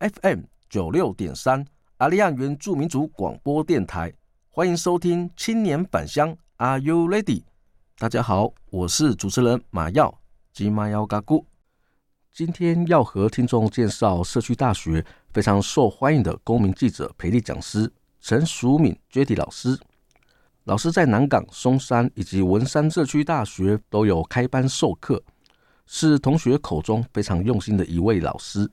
FM 九六點三，阿利亞原住民族廣播電臺，歡迎收聽青年返鄉，Are you ready？大家好，我是主持人馬耀 Gimayaw Gagu。今，今天要和聽眾介紹社區大學非常受歡迎的公民記者培力講師陳淑敏 Jady 老師。老師在南港、松山以及文山社區大學都有開班授課，是同學口中非常用心的一位老師。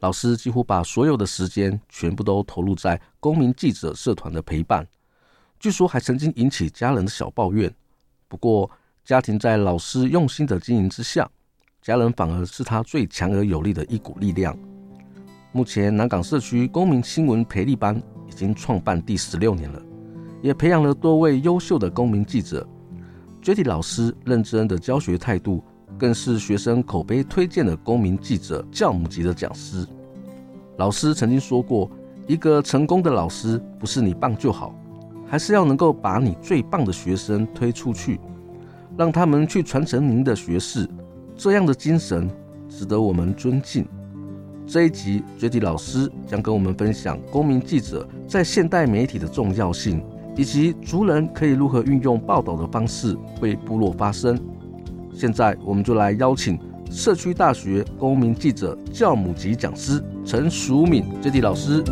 老師幾乎把所有的時間全部都投入在公民記者社團的陪伴，據說還曾經引起家人的小抱怨。不過，家庭在老師用心的經營之下，家人反而是他最強而有力的一股力量。目前南港社區公民新聞培力班已經創辦第十六年了，也培養了多位優秀的公民記者。Jady 老師認真的教學態度，更是學生口碑推薦的公民記者教母級的講師。老師曾經說過：“一個成功的老師不是你棒就好，還是要能夠把你最棒的學生推出去，讓他們去傳承您的學識。這樣的精神值得我們尊敬。”這一集，Jady 老師將跟我們分享公民記者在現代媒體的重要性，以及族人可以如何運用報道的方式為部落發聲。現在，我們就來邀請社區大學公民記者教母級講師。陳淑敏，Jady 老師。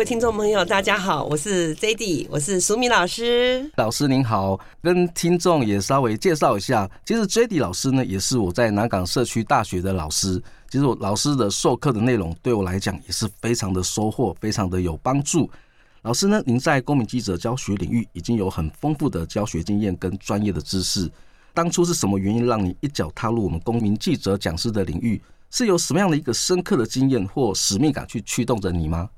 各位聽眾朋友，大家好，我是 Jady，我是淑敏老師。老師您好，跟聽眾也稍微介紹一下，其實 Jady 老師呢，也是我在南港社區大學的老師。其實我老師的授課的內容對我來講也是非常的收穫，非常的有幫助。老師呢，您在公民記者教學領域已經有很豐富的教學經驗跟專業的知識。當初是什麼原因讓你一腳踏入我們公民記者講師的領域？是有什麼樣的一個深刻的經驗或使命感去驅動着你嗎？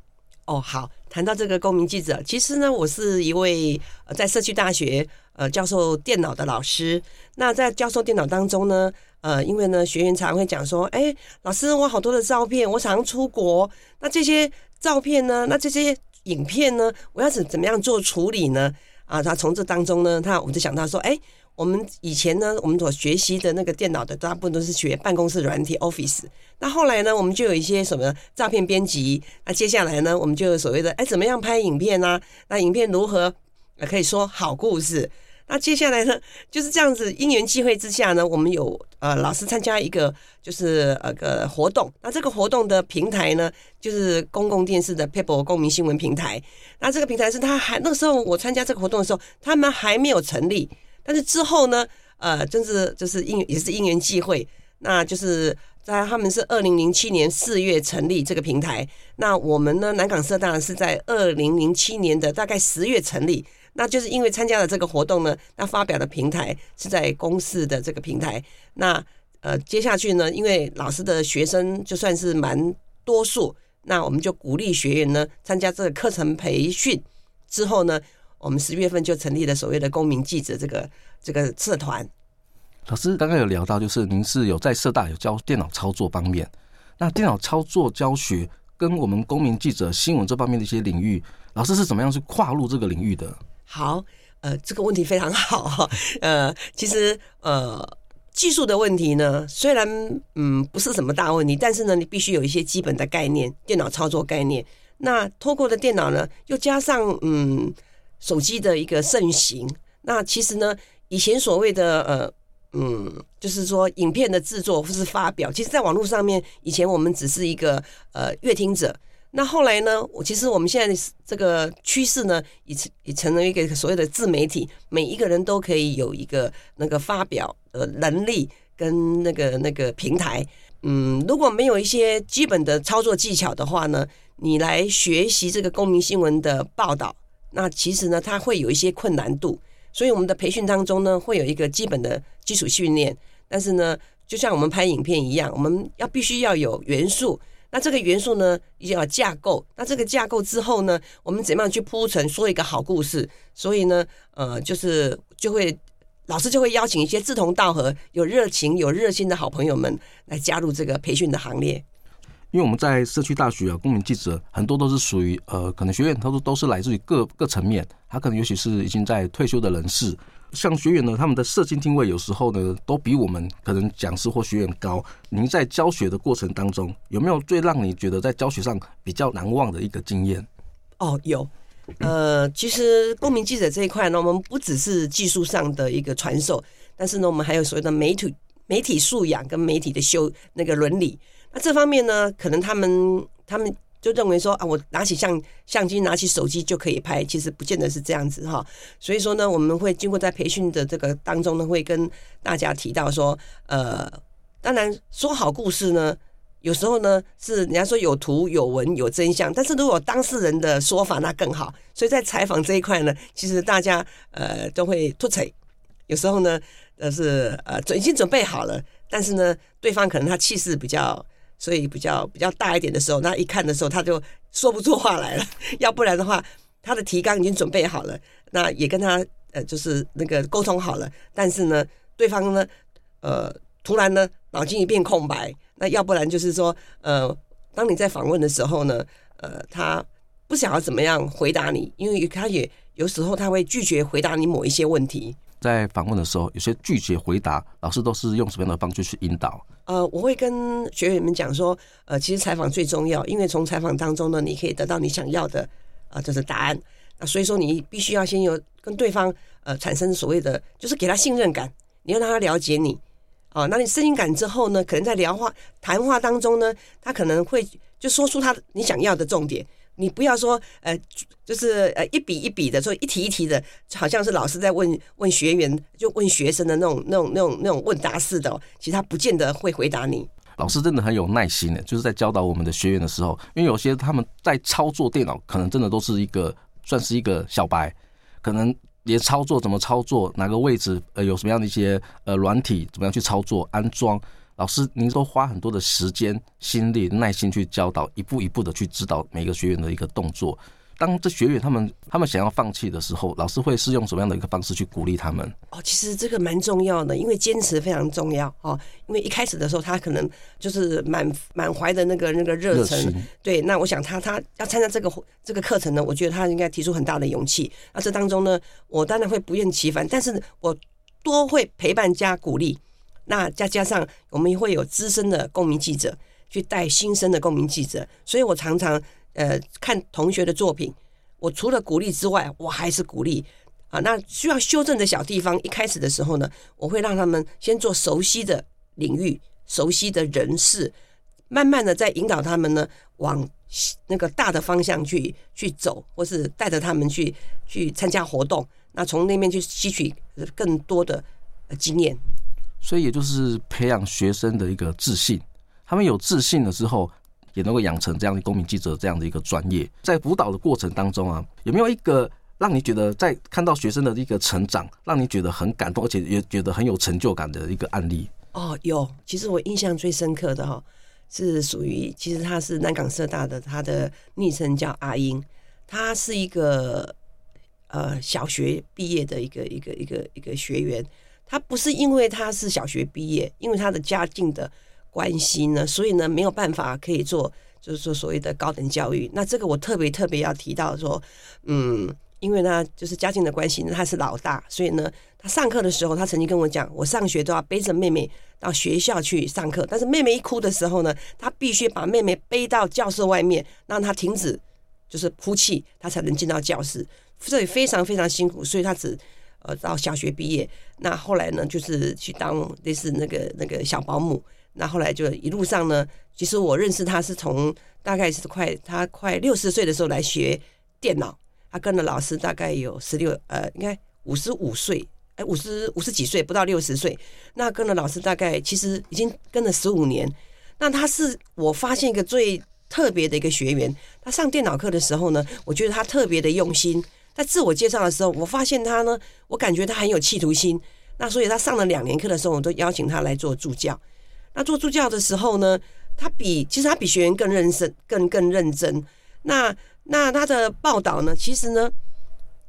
哦，好，談到這個公民記者，其實呢，我是一位、呃、在社區大學呃教授電腦的老師。那在教授電腦當中呢，呃，因為呢學員常常會講說，哎、欸，老師，我好多的照片，我常出國，那這些照片呢，那這些影片呢，我要怎怎麼樣做處理呢？啊，他從這當中呢，他我就想到說，哎、欸。我們以前呢，我們所學習的那個電腦的大部分都是學辦公室軟體 Office。那後來呢，我們就有一些什麼照片編輯。那接下來呢，我們就所謂的哎，怎麼樣拍影片啊？那影片如何、呃，可以說好故事？那接下來呢，就是這樣子，因緣際會之下呢，我們有呃老師參加一個就是呃個活動。那這個活動的平台呢，就是公共電視的 PeoPo 公民新聞平台。那這個平台是他還那時候我參加這個活動的時候，他們還沒有成立。但是之後呢，呃，真、就是就是因也是因緣際會，那就是在他們是二零零七年四月成立這個平台，那我們呢南港社大是在二零零七年的大概十月成立，那就是因為參加了這個活動呢，那發表的平台是在公視的這個平台，那呃接下去呢，因為老師的學生就算是蠻多數，那我們就鼓勵學員呢參加這個課程培訓之後呢。我們十月份就成立了所謂的公民記者這個這個社團。老師剛剛有聊到，就是您是有在社大有教電腦操作方面。那電腦操作教學跟我們公民記者新聞這方面的一些領域，老師是怎麼樣去跨入這個領域的？好，呃，這個問題非常好哈。 呃，其實呃，技術的問題呢，雖然嗯不是什麼大問題，但是呢，你必須有一些基本的概念，電腦操作概念。那透過的電腦呢，又加上嗯。手機的一個盛行，那其實呢，以前所謂的呃嗯，就是說影片的製作或是發表，其實在網絡上面，以前我們只是一個呃閱聽者。那後來呢，我其實我們現在這個趨勢呢，已已成了一個所謂的自媒體，每一個人都可以有一個那個發表的能力跟那個那個平台。嗯，如果沒有一些基本的操作技巧的話呢，你來學習這個公民新聞的報道。那其實呢，它會有一些困難度，所以我們的培訓當中呢，會有一個基本的基礎訓練。但是呢，就像我們拍影片一樣，我們要必須要有元素。那這個元素呢，也要架構。那這個架構之後呢，我們怎麼樣去鋪陳，說一個好故事？所以呢，呃，就是就會老師就會邀請一些志同道合、有熱情、有熱心的好朋友們來加入這個培訓的行列。因為我們在社區大學啊，公民記者很多都是屬於呃，可能學員他說都，都是來自於各各層面，他可能尤其是已經在退休的人士，像學員呢，他們的社經定位有時候呢，都比我們可能講師或學員高。您在教學的過程當中，有沒有最讓你覺得在教學上比較難忘的一個經驗？哦，有，呃，其實公民記者這一塊呢，我們不只是技術上的一個傳授，但是呢，我們還有所謂的媒體媒體素養跟媒體的修那個倫理。那這方面呢，可能他們他們就認為說啊，我拿起相相機，拿起手機就可以拍，其實不見得是這樣子哈。所以說呢，我們會經過在培訓的這個當中呢，會跟大家提到說，呃，當然說好故事呢，有時候呢是人家說有圖有文有真相，但是如果當事人的說法那更好。所以在採訪這一塊呢，其實大家呃都會吐槽，有時候呢，呃是呃準已經準備好了，但是呢，對方可能他氣勢比較，所以比較比較大一點的時候，那一看的時候，他就說不出話來了。要不然的話，他的提綱已經準備好了，那也跟他呃就是那個溝通好了。但是呢，對方呢，呃，突然呢，腦筋一片空白。那要不然就是說，呃，當你在訪問的時候呢，呃，他不想要怎麼樣回答你，因為他也有時候他會拒絕回答你某一些問題。在訪問的時候，有些拒絕回答，老師都是用什麼樣的方式去引導？呃，我會跟學員們講說，呃，其實採訪最重要，因為從採訪當中呢，你可以得到你想要的，呃，就是答案。那所以說，你必須要先有跟對方，呃，產生所謂的，就是給他信任感，你要讓他了解你，啊、呃，那你信任感之後呢，可能在聊話、談話當中呢，他可能會就說出他你想要的重點。你不要說，呃，就是呃一筆一筆的，說一題、一題的，好像是老師在問問學員，就問學生的那種那種那種那種問答似的，哦，其實他不見得會回答你。老師真的很有耐心的，就是在教導我們的學員的時候，因為有些他們在操作電腦，可能真的都是一個算是一個小白，可能連操作怎麼操作，哪個位置，呃，有什麼樣的一些呃軟體，怎麼樣去操作安裝。老師，您都花很多的時間、心力、耐心去教導，一步一步的去指導每個學員的一個動作。當這學員他們他們想要放棄的時候，老師會是用什麼樣的一個方式去鼓勵他們？哦，其實這個蠻重要的，因為堅持非常重要哦。因為一開始的時候，他可能就是滿滿懷的那個那個熱忱。熱心。對，那我想他他要參加這個這個課程呢，我覺得他應該提出很大的勇氣。那這當中呢，我當然會不厭其煩，但是我多會陪伴加鼓勵。那再加，加上，我們會有資深的公民記者去帶新生的公民記者，所以我常常呃看同學的作品，我除了鼓勵之外，我還是鼓勵啊。那需要修正的小地方，一開始的時候呢，我會讓他們先做熟悉的領域、熟悉的人事，慢慢的再引導他們呢往那個大的方向去去走，或是帶着他們去去參加活動，那從那邊去吸取更多的呃經驗。所以也就是培養學生的一個自信，他們有自信了之後，也能夠養成這樣的公民記者這樣的一個專業。在輔導的過程當中啊，有沒有一個讓你覺得在看到學生的一個成長，讓你覺得很感動，而且也覺得很有成就感的一個案例？哦，有。其實我印象最深刻的哈、哦，是屬於其實他是南港社大的，他的昵稱叫阿英，他是一個呃小學畢業的一個一個一個一個學員。他不是因為他是小學畢業，因為他的家境的關係呢，所以呢沒有辦法可以做，就是說所謂的高等教育。那這個我特別特別要提到說，嗯，因為他就是家境的關係呢，他是老大，所以呢，他上課的時候，他曾經跟我講，我上學都要背着妹妹到學校去上課，但是妹妹一哭的時候呢，他必須把妹妹背到教室外面，讓他停止就是哭泣，他才能進到教室，所以非常非常辛苦，所以他只。呃，到小學畢業，那後來呢，就是去當類似那個那個小保姆。那後來就一路上呢，其實我認識他是從大概是快他快六十歲的時候來學電腦，他跟了老師大概有十六呃，應該五十五歲，哎，五十五十幾歲，不到六十歲，那跟了老師大概其實已經跟了十五年。那他是我發現一個最特別的一個學員，他上電腦課的時候呢，我覺得他特別的用心。在自我介紹的時候，我發現他呢，我感覺他很有企圖心。那所以他上了兩年課的時候，我都邀請他來做助教。那做助教的時候呢，他比其實他比學員更認真，更更認真。那那他的報道呢，其實呢，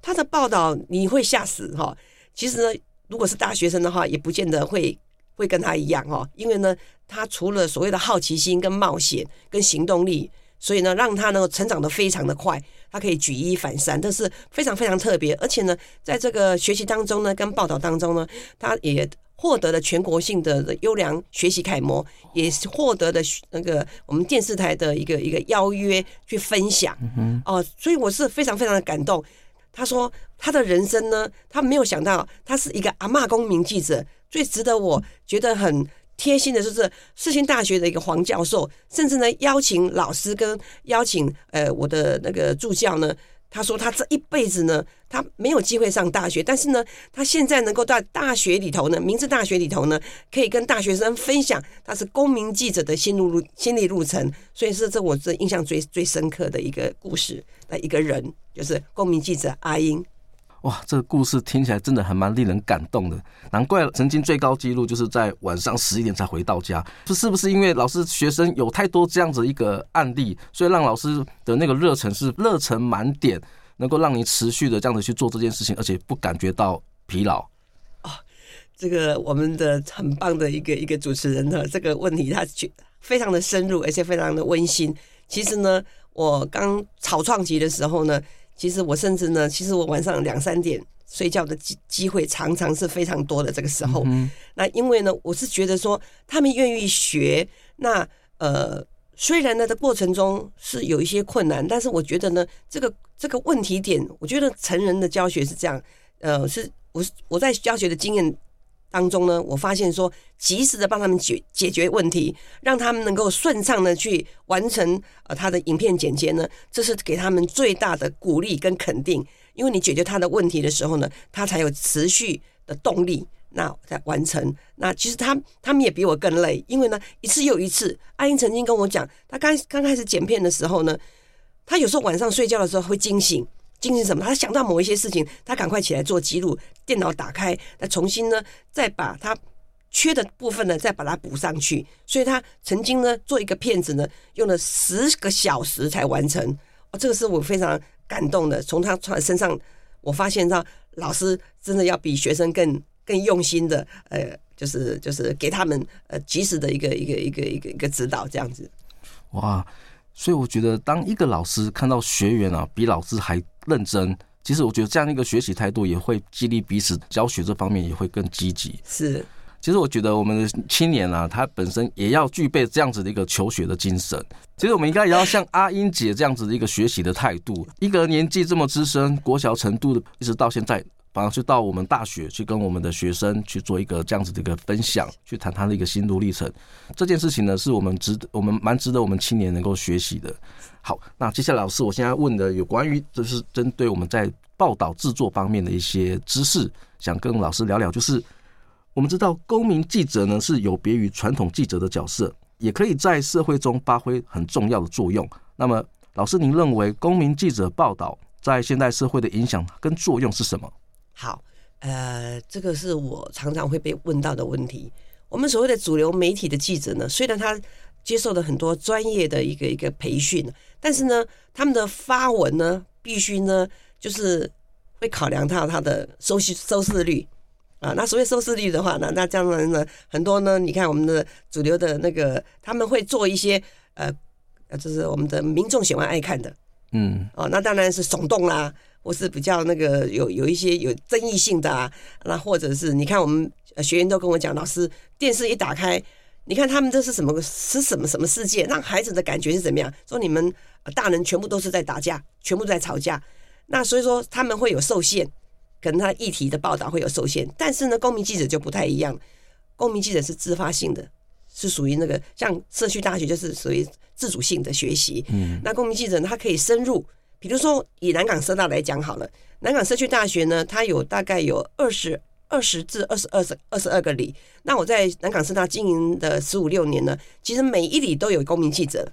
他的報道你會嚇死哈。其實呢，如果是大學生的話，也不見得會會跟他一樣哈，因為呢，他除了所謂的好奇心、跟冒險、跟行動力。所以呢，讓他呢成長的非常的快，他可以舉一反三，這是非常非常特別。而且呢，在這個學習當中呢，跟報道當中呢，他也獲得了全國性的優良學習楷模，也獲得了那個我們電視台的一個一個邀約去分享。哦、嗯哼呃，所以我是非常非常的感動。他說他的人生呢，他沒有想到他是一個阿嬤公民記者，最值得我覺得很。貼心的就是世新大學的一個黃教授，甚至呢邀請老師跟邀請呃我的那個助教呢，他說他這一輩子呢，他沒有機會上大學，但是呢他現在能夠在大學裡頭呢，明治大學裡頭呢，可以跟大學生分享他是公民記者的心理路路心理路程，所以是這我這印象最最深刻的一個故事的一個人，就是公民記者阿英。哇，這個故事聽起來真的還蠻令人感動的，難怪曾經最高紀錄就是在晚上十一點才回到家。這是不是因為老師學生有太多這樣子一個案例，所以讓老師的那個熱忱是熱忱滿點，能夠讓你持續的這樣子去做這件事情，而且不感覺到疲勞？哦，這個我們的很棒的一個一個主持人呢，這個問題他去非常的深入，而且非常的溫馨。其實呢，我剛草創級的時候呢。其實我甚至呢，其實我晚上兩三點睡覺的機機會常常是非常多的。這個時候，那因為呢，我是覺得說他們願意學，那呃，雖然呢的過程中是有一些困難，但是我覺得呢，這個這個問題點，我覺得成人的教學是這樣，呃，是我是我在教學的經驗。當中呢，我發現說，及時的幫他們解解決問題，讓他們能夠順暢的去完成呃他的影片剪接呢，這是給他們最大的鼓勵跟肯定。因為你解決他的問題的時候呢，他才有持續的動力，那才完成。那其實他他們也比我更累，因為呢一次又一次，阿英曾經跟我講，他剛剛開始剪片的時候呢，他有時候晚上睡覺的時候會驚醒。進行什麼？他想到某一些事情，他趕快起來做記錄。電腦打開，再重新呢，再把他缺的部分呢，再把它補上去。所以他曾經呢，做一個片子呢，用了十個小時才完成。哦，這個是我非常感動的。從他穿身上，我發現到老師真的要比學生更更用心的，呃，就是就是給他們呃及時的一個一個一個一個一個指導這樣子。哇，所以我覺得，當一個老師看到學員啊，嗯、比老師還認真，其實我覺得這樣一個學習態度也會激勵彼此，教學這方面也會更積極。是，其實我覺得我們的青年啊，他本身也要具備這樣子的一個求學的精神。其實我們應該也要像阿英姐這樣子的一個學習的態度，一個年紀這麼資深、國小程度的，一直到現在。反而去到我們大學去跟我們的學生去做一個這樣子的一個分享，去談他的一個心路歷程。這件事情呢，是我們值得我們蠻值得我們青年能夠學習的。好，那接下來老師，我現在問的有關於就是針對我們在報道製作方面的一些知識，想跟老師聊聊。就是我們知道公民記者呢是有別於傳統記者的角色，也可以在社會中發揮很重要的作用。那麼，老師您認為公民記者報道在現代社會的影響跟作用是什麼？好，呃，這個是我常常會被問到的問題。我們所謂的主流媒體的記者呢，雖然他接受了很多專業的一個一個培訓，但是呢，他們的發文呢，必須呢，就是會考量到他的收視收視率啊。那所謂收視率的話呢，那這樣的人呢，很多呢，你看我們的主流的那個，他們會做一些呃，就是我們的民眾喜歡愛看的，嗯，哦，那當然是聳動啦、啊。我是比較那個有有一些有爭議性的啊，那或者是你看我們學員都跟我講，老師電視一打開，你看他們這是什麼是什麼什麼世界，讓孩子的感覺是怎麼樣？說你們大人全部都是在打架，全部在吵架，那所以說他們會有受限，可能他議題的報道會有受限，但是呢，公民記者就不太一樣，公民記者是自發性的，是屬於那個像社區大學就是屬於自主性的學習，嗯，那公民記者他可以深入。比如說，以南港社大來講好了，南港社區大學呢，它有大概有二十二十至二十二十二十二個里。那我在南港社大經營的十五六年呢，其實每一里都有公民記者。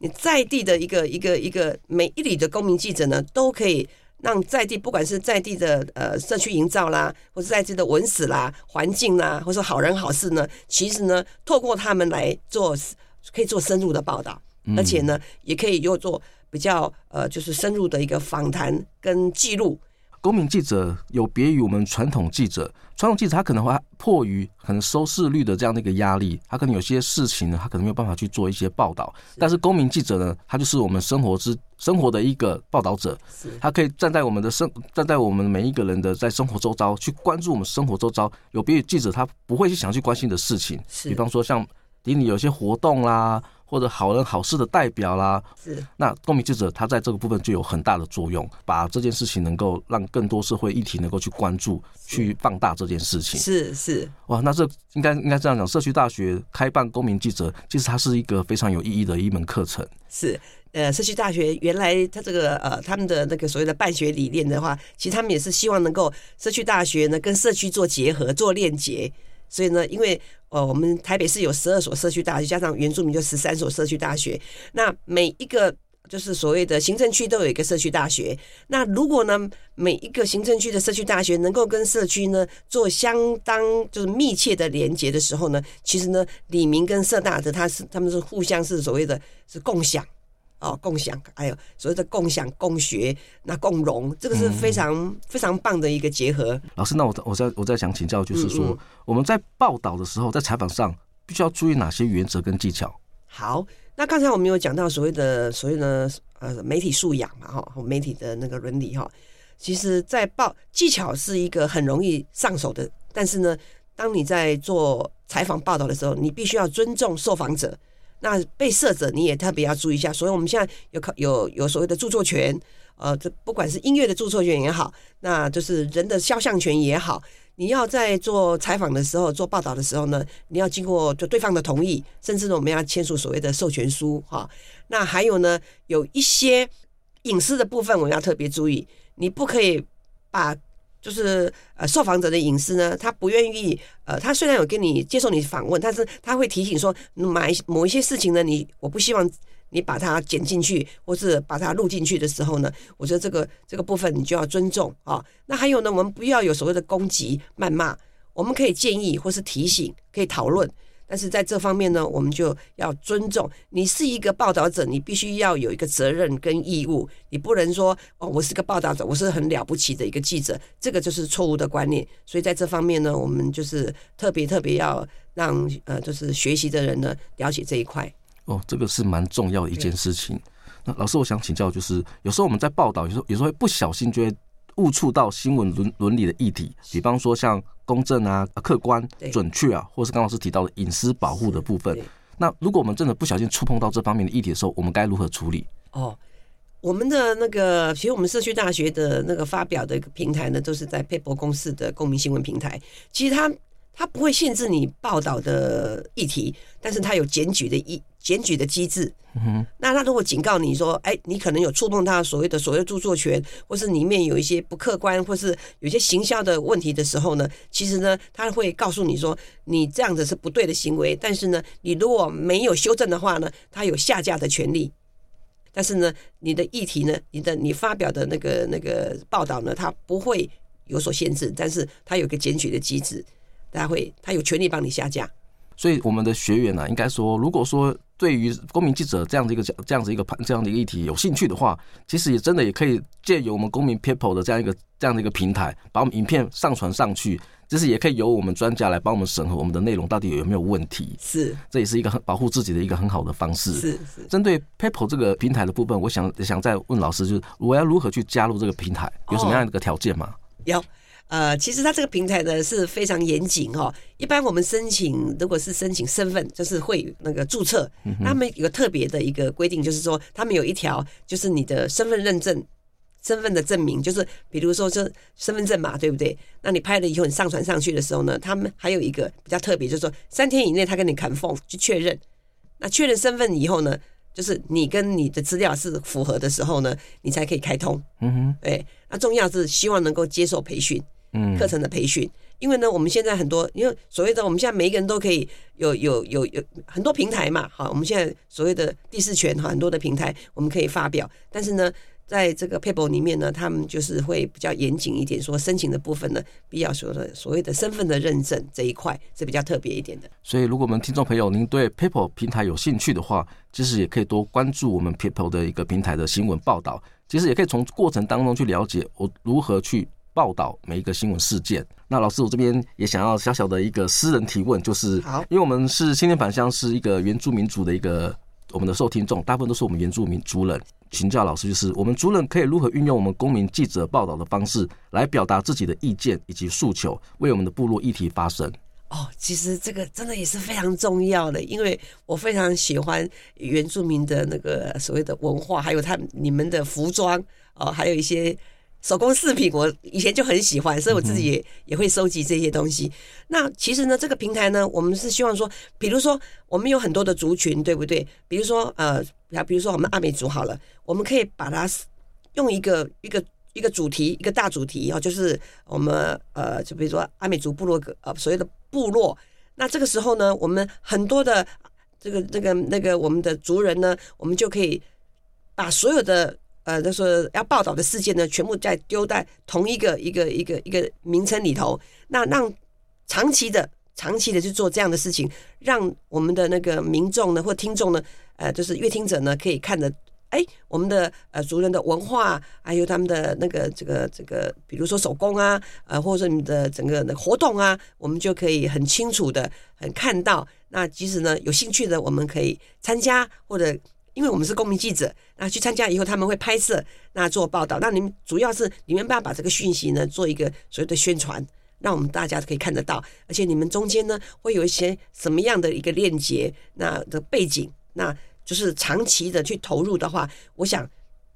你在地的一個一個一個每一里的公民記者呢，都可以讓在地，不管是在地的呃社區營造啦，或者在地的文史啦、環境啦，或者好人好事呢，其實呢，透過他們來做，可以做深入的報道，而且呢，也可以又做。比較呃，就是深入的一個訪談跟記錄。公民記者有別於我們傳統記者，傳統記者他可能會迫於可能收視率的這樣的一個壓力，他可能有些事情呢，他可能沒有辦法去做一些報道是。但是公民記者呢，他就是我們生活之生活的一個報道者是他可以站在我們的生，站在我們每一個人的在生活周遭去關注我們生活周遭，有別於記者他不會去想去關心的事情，是比方說像給你有些活動啦，或者好人好事的代表啦，是。那公民記者他在這個部分就有很大的作用，把這件事情能夠讓更多社會議題能夠去關注，是去放大這件事情。是是。是哇，那這應該應該這樣講，社區大學開辦公民記者，其實它是一個非常有意義的一門課程。是，呃，社區大學原來他這個呃他們的那個所謂的辦學理念的話，其實他們也是希望能夠社區大學呢跟社區做結合，做鏈接。所以呢，因為呃，我們台北市有十二所社區大學，加上原住民就十三所社區大學。那每一個就是所謂的行政區都有一個社區大學。那如果呢，每一個行政區的社區大學能夠跟社區呢做相當就是密切的連接的時候呢，其實呢，里民跟社大的他是他們是互相是所謂的，是共享。哦，共享，哎呦，所謂的共享共學，那共融，這個是非常、嗯、非常棒的一個結合。老師，那我我再我再想請教，就是說、嗯嗯、我們在報道的時候，在採訪上，必須要注意哪些原則跟技巧？好，那剛才我們有講到所謂的所謂的呃媒體素養嘛，哈，媒體的那個倫理哈。其實，在報技巧是一個很容易上手的，但是呢，當你在做採訪報道的時候，你必須要尊重受訪者。那被攝者你也特別要注意一下，所以我們現在有可有有所謂的著作權，呃，這不管是音樂的著作權也好，那就是人的肖像權也好，你要在做採訪的時候、做報道的時候呢，你要經過就對方的同意，甚至呢我們要簽署所謂的授權書哈、哦。那還有呢，有一些隱私的部分，我們要特別注意，你不可以把。就是呃，受訪者的隱私呢，他不願意。呃，他雖然有跟你接受你訪問，但是他會提醒說，某一某一些事情呢，你我不希望你把它剪進去，或是把它錄進去的時候呢，我覺得這個這個部分你就要尊重啊。那還有呢，我們不要有所謂的攻擊、謾罵，我們可以建議或是提醒，可以討論。但是在這方面呢，我們就要尊重，你是一個報道者，你必須要有一個責任跟義務，你不能說哦，我是個報道者，我是很了不起的一個記者，這個就是錯誤的觀念。所以在這方面呢，我們就是特別特別要讓呃，就是學習的人呢了解這一塊。哦，這個是蠻重要的一件事情。對那老師，我想請教，就是有時候我們在報道，有時候有時候會不小心就會誤觸到新聞倫倫理的議題，比方說像。公正啊，客觀、對準確啊，或是剛剛老師提到的隱私保護的部分，那如果我們真的不小心觸碰到這方面的議題的時候，我們該如何處理？哦，我們的那個，其實我們社區大學的那個發表的一個平台呢，都是在 PeoPo 公視的公民新聞平台。其實它，他不會限制你報道的議題，但是他有檢舉的議檢舉的機制。嗯哼，那他如果警告你說，哎、欸，你可能有觸碰他所謂的所謂著作權，或是裡面有一些不客觀，或是有些行銷的問題的時候呢，其實呢，他會告訴你說，你這樣子是不對的行為。但是呢，你如果沒有修正的話呢，他有下架的權利。但是呢，你的議題呢，你的你發表的那個那個報道呢，他不會有所限制，但是他有個檢舉的機制。他會，他有權利幫你下架。所以我們的學員呢、啊，應該說，如果說對於公民記者這樣的一個這樣子一個判這樣的一個議題有興趣的話，其實也真的也可以借由我們公民 PeoPo 的這樣一個這樣的一個平台，把我們影片上傳上去，就是也可以由我們專家來幫我們審核我們的內容到底有沒有問題。是，這也是一個很保護自己的一個很好的方式。是是。針對 PeoPo 這個平台的部分，我想想再問老師，就是我要如何去加入這個平台，有什麼樣的一個條件嗎、哦？有。呃，其實它這個平台呢是非常嚴謹哈、哦。一般我們申請如果是申請身份，就是會那個註冊。他們有個特別的一個規定，就是說他們有一條，就是你的身份認證、身份的證明，就是比如說就身份證嘛，對不對？那你拍了以後你上傳上去的時候呢，他們還有一個比較特別，就是說三天以內他跟你 confirm 去確認。那確認身份以後呢，就是你跟你的資料是符合的時候呢，你才可以開通。嗯哼，對，那重要是希望能夠接受培訓。嗯，課程的培訓，因為呢，我們現在很多，因為所謂的我們現在每一個人都可以有有有有很多平台嘛，好，我們現在所謂的第四權哈，很多的平台我們可以發表，但是呢，在這個 Paper 裡面呢，他們就是會比較嚴謹一點，說申請的部分呢，比較說的所謂的身份的認證這一塊是比較特別一點的。所以，如果我們聽眾朋友您對 Paper 平台有興趣的話，其實也可以多關注我們 Paper 的一個平台的新聞報道，其實也可以從過程當中去了解我如何去。報道每一個新聞事件。那老師，我這邊也想要小小的一個私人提問，就是，好，因為我們是“青年返鄉”，是一個原住民族的一個我們的受聽眾，大部分都是我們原住民族人。請教老師，就是我們族人可以如何運用我們公民記者報道的方式來表達自己的意見以及訴求，為我們的部落議題發聲？哦，其實這個真的也是非常重要的，因為我非常喜歡原住民的那個所謂的文化，還有他們你們的服裝哦，還有一些。手工飾品我以前就很喜歡，所以我自己也也會收集這些東西。嗯、哼那其實呢，這個平台呢，我們是希望說，比如說我們有很多的族群，對不對？比如說呃，比比如說我們阿美族好了，我們可以把它用一個一個一個主題，一個大主題哈、哦，就是我們呃，就比如說阿美族部落格呃，所謂的部落。那這個時候呢，我們很多的這個這個、那個、那個我們的族人呢，我們就可以把所有的。呃，就是、說要報道的事件呢，全部在丟在同一個一個一個一個名稱裡頭，那讓長期的、長期的去做這樣的事情，讓我們的那個民眾呢，或聽眾呢，呃，就是閱聽者呢，可以看得，哎，我們的呃族人的文化，還有他們的那個這個這個，比如說手工啊，呃，或者說你們的整個的活動啊，我們就可以很清楚的很看到，那即使呢有興趣的，我們可以參加或者。因為我們是公民記者，那去參加以後他們會拍攝，那做報道。那你們主要是你們要把這個訊息呢做一個所謂的宣傳，讓我們大家可以看得到。而且你們中間呢會有一些什麼樣的一個鏈接，那的背景，那就是長期的去投入的話，我想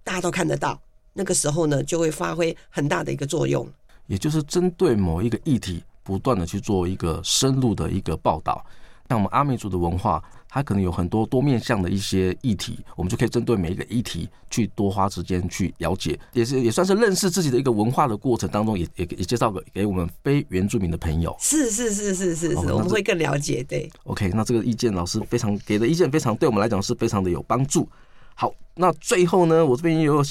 大家都看得到。那個時候呢就會發揮很大的一個作用。也就是針對某一個議題，不斷的去做一個深入的一個報道。像我們阿美族的文化，它可能有很多多面向的一些議題，我們就可以針對每一個議題去多花時間去了解，也是也算是認識自己的一個文化的過程當中也，也也也介紹給給我們非原住民的朋友。是是是是是是，啊、我們那這，我們會更了解。對，OK，那這個意見老師非常給的意見非常對我們來講是非常的有幫助。好，那最後呢，我這邊也有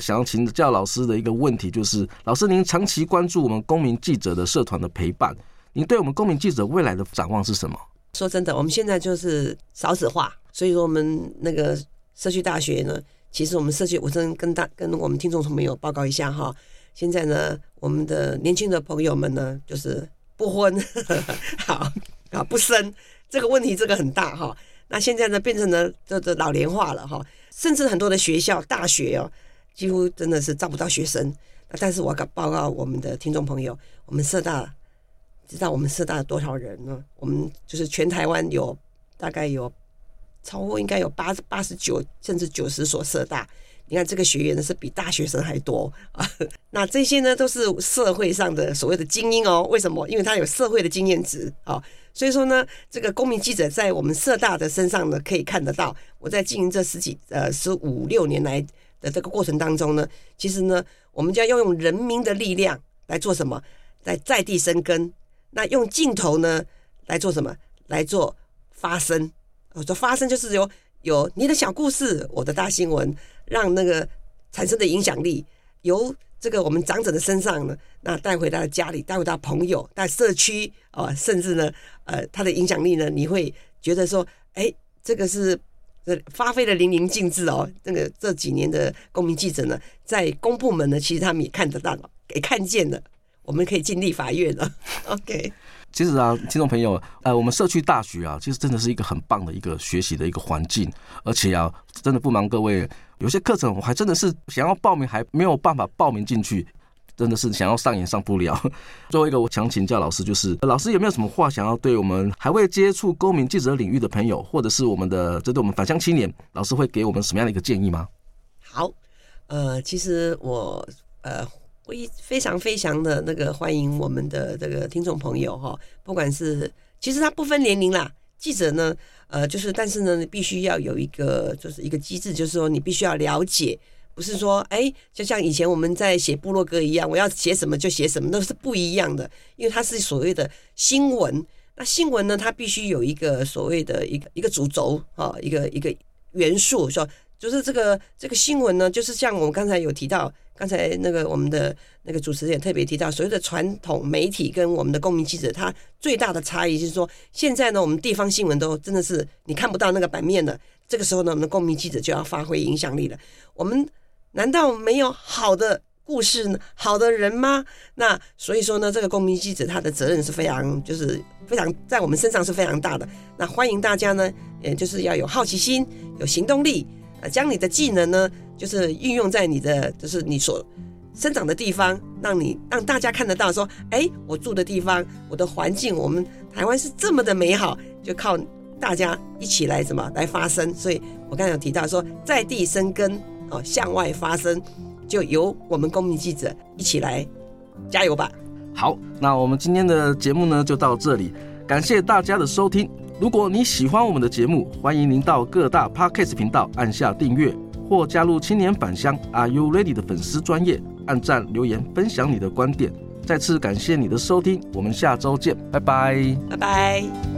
想要請教老師的一個問題，就是老師您長期關注我們公民記者的社團的陪伴，您對我們公民記者未來的展望是什麼？說真的，我們現在就是少子化，所以說我們那個社區大學呢，其實我們社區，我真跟大跟我們聽眾朋友報告一下哈，現在呢，我們的年輕的朋友們呢，就是不婚，呵呵好啊不生，這個問題這個很大哈，那現在呢變成了這這老年化了哈，甚至很多的學校大學哦，幾乎真的是招不到學生，但是我敢報告我們的聽眾朋友，我們社大。知道我們社大有多少人呢？我們就是全台灣有大概有超過應該有八八十九甚至九十所社大。你看這個學員是比大學生還多啊！那這些呢都是社會上的所謂的精英哦。為什麼？因為他有社會的經驗值啊。所以說呢，這個公民記者在我們社大的身上呢可以看得到。我在經營這十幾呃十五六年來的這個過程當中呢，其實呢，我們將要用人民的力量來做什麼？來在地生根。那用鏡頭呢來做什麼？來做發聲，我說發聲就是有有，有你的小故事，我的大新聞，讓那個產生的影響力由這個我們長者的身上呢，那帶回他的家裡，帶回他朋友，帶社區，哦、啊，甚至呢，呃，他的影響力呢，你會覺得說，哎、欸，這個是這發揮得淋漓盡致哦。那個這幾年的公民記者呢，在公部門呢，其實他們也看得到給看見了。我們可以進立法院了。OK，其實啊，聽眾朋友，呃，我們社區大學啊，其實真的是一個很棒的一個學習的一個環境，而且啊，真的不瞞各位，有些課程我還真的是想要報名，還沒有辦法報名進去，真的是想要上也上不了。最後一個，我想請教老師，就是老師有沒有什麼話想要對我們還未接觸公民記者領域的朋友，或者是我們的針對我們返鄉青年，老師會給我們什麼樣的一個建議嗎？好，呃，其實我呃。我一，非常非常的那個歡迎我們的這個聽眾朋友哈、哦，不管是其實他不分年齡啦。記者呢，呃，就是但是呢，你必須要有一個就是一個機制，就是說你必須要了解，不是說哎，就像以前我們在寫部落格一樣，我要寫什麼就寫什麼，都是不一樣的。因為它是所謂的新聞，那新聞呢，它必須有一個所謂的一個一個主軸啊、哦，一個一個元素，說就是這個這個新聞呢，就是像我們剛才有提到。剛才那個我們的那個主持人也特別提到，所謂的傳統媒體跟我們的公民記者，他最大的差異就是說，現在呢，我們地方新聞都真的是你看不到那個版面的。這個時候呢，我們的公民記者就要發揮影響力了。我們難道沒有好的故事呢、好的人嗎？那所以說呢，這個公民記者他的責任是非常，就是非常在我們身上是非常大的。那歡迎大家呢，也就是要有好奇心，有行動力。啊，將你的技能呢，就是運用在你的，就是你所生長的地方，讓你讓大家看得到說，哎，我住的地方，我的環境，我們台灣是這麼的美好，就靠大家一起來什麼來發聲。所以我剛才有提到說，在地生根，哦，向外發聲，就由我們公民記者一起來加油吧。好，那我們今天的節目呢，就到這裡，感謝大家的收聽。如果你喜歡我們的節目，歡迎您到各大 Podcast 頻道按下訂閱或加入青年返鄉 Are You Ready 的粉絲專頁按讚、留言、分享你的觀點。再次感謝你的收聽，我們下周見，拜拜，拜拜。